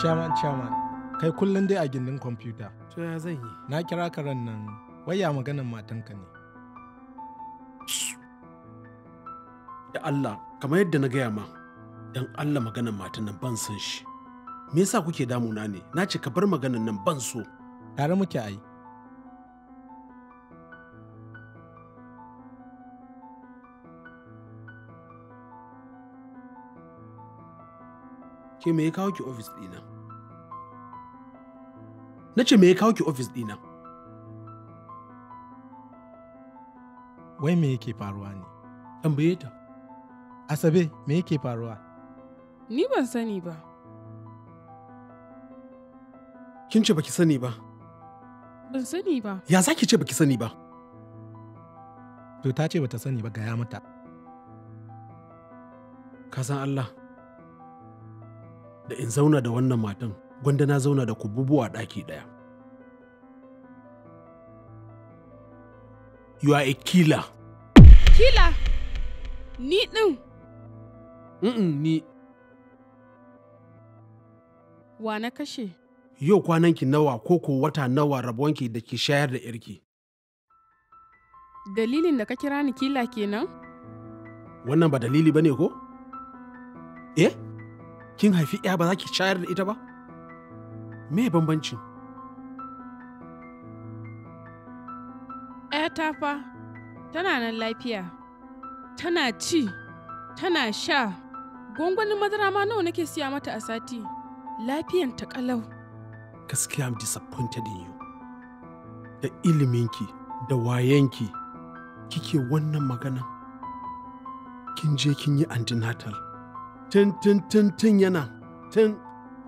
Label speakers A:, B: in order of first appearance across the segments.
A: Chairman Chairman, kai kullum dai a gindin kwamfuta. To ya zan yi? Na kira ka ran nan waya maganan matanka ne. Da Allah, kamar yadda na gaya ma, dan Allah maganan matan nan ban san shi. Me yasa kuke damuna ne? Na ce ka bar maganan nan ban so. Tare muke ai. ke me ya kawo ki ofis dina na ce me ya kawo ki ofis ɗina wai me yake faruwa ne tambaye ta asabe me yake faruwa
B: ni ban sani ba
A: kin ce baki sani ba
B: ban sani ba
A: ya za ki ce baki sani ba to ta ce bata sani ba gaya mata ka san Allah da in zauna da wannan matan gwanda na zauna da kububuwa a ɗaki ɗaya. You are a killer.
B: Killer? Ni ɗin? Mm ni. Wa na kashe?
A: Yau kwananki nawa ko ko wata nawa rabonki da ki shayar da irki.
B: Dalilin da ka kira ni kila kenan?
A: Wannan ba dalili ba ne ko? Eh? kin haifi ya ba za ki shayar da ita ba me bambancin
B: ta fa tana nan lafiya tana ci tana sha gwangwanin madara ma nawa nake siya mata a sati lafiyan ta kalau
A: gaskiya mu disappointed in you da iliminki da wayenki kike wannan magana kin je kin yi antinatal. tun tun tun tun yana tun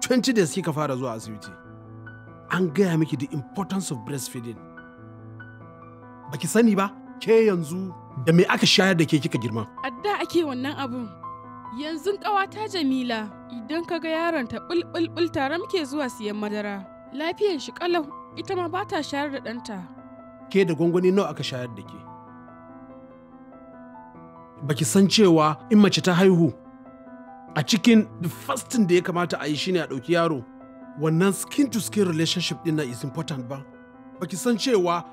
A: 20 days kika fara zuwa asibiti an gaya miki the importance of breastfeeding baki sani ba ke yanzu da me aka shayar da ke kika girma
B: a ake wannan abun yanzu ƙawata jamila idan kaga yaron ta bulbulbul tare muke zuwa siyan madara lafiyar shi kalau ita ma ba ta shayar da ɗanta
A: ke da gwangwani nawa aka shayar da ke baki san cewa in mace ta haihu a cikin the first thing da ya kamata a yi shine a ɗauki yaro wannan skin to skin relationship din na is important ba baki san cewa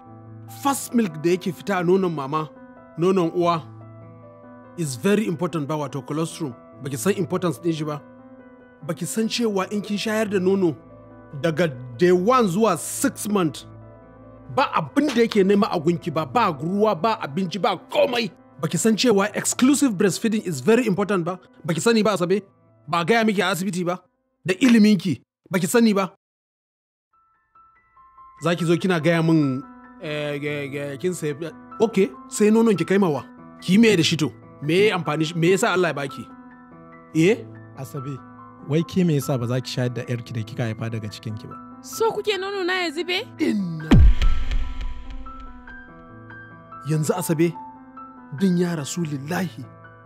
A: first milk da yake fita a nonon mama nonon uwa is very important ba wato colostrum baki san importance din shi ba baki san cewa in kin shayar da nono daga day one zuwa six month ba abin da yake nema a gunki ba ba ruwa ba abinci ba komai baki san cewa exclusive breastfeeding is very important ba baki sani ba asabe ba gaya miki a asibiti ba da iliminki baki sani ba za ki zo kina gaya min eh, kin sai ok sai nonon ki kaimawa ki me da shito me amfani me yasa Allah ya baki eh asabe wai ki me yasa ba za ki shayar da yarki da kika haifa daga cikin ki ba
B: so kuke nono na ya zube
A: yanzu asabe din ya rasulillahi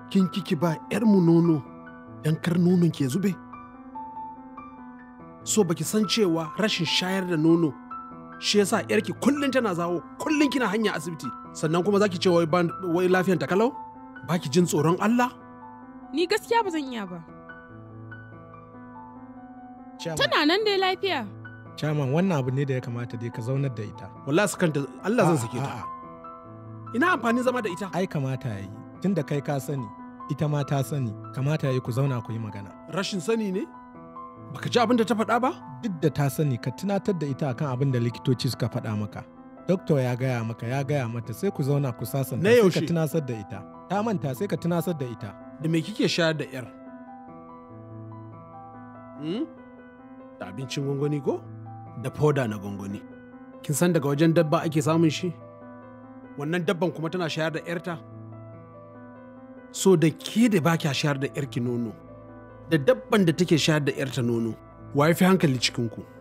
A: kin kiki ba mu nono, ‘yan kar nonon ke zube? So baki san cewa rashin shayar da nono shi yasa ki kullum tana zawo, kullum kina hanya asibiti, sannan kuma zaki ce wai lafiyan ta kalau? Baki jin tsoron Allah?
B: Ni gaskiya ba zan iya ba. Tana nan dai lafiya.
A: Chairman wannan abu ne da ya kamata dai ka zaunar da ita. Wallahi sakanta Allah zan sake ta. ina amfanin zama da ita ai kamata tun da kai ka sani ita ma ta sani kamata yi ku zauna ku yi magana rashin sani ne baka ji abin da ta faɗa ba duk da ta sani ka tunatar da ita akan abin da likitoci suka faɗa maka doktor ya gaya maka ya gaya mata sai ku zauna ku sasanta sai ka tunasar da ita ta manta sai ka tunasar da ita da me kike shayar da yar hmm? da abincin gwangwani ko da foda na gwangwani kin san daga wajen dabba ake samun shi wannan dabban kuma tana shayar da ‘yarta? So da ke da ba kya shayar da ‘yarki nono, da dabban da take shayar da ‘yarta nono, wa fi hankali cikinku?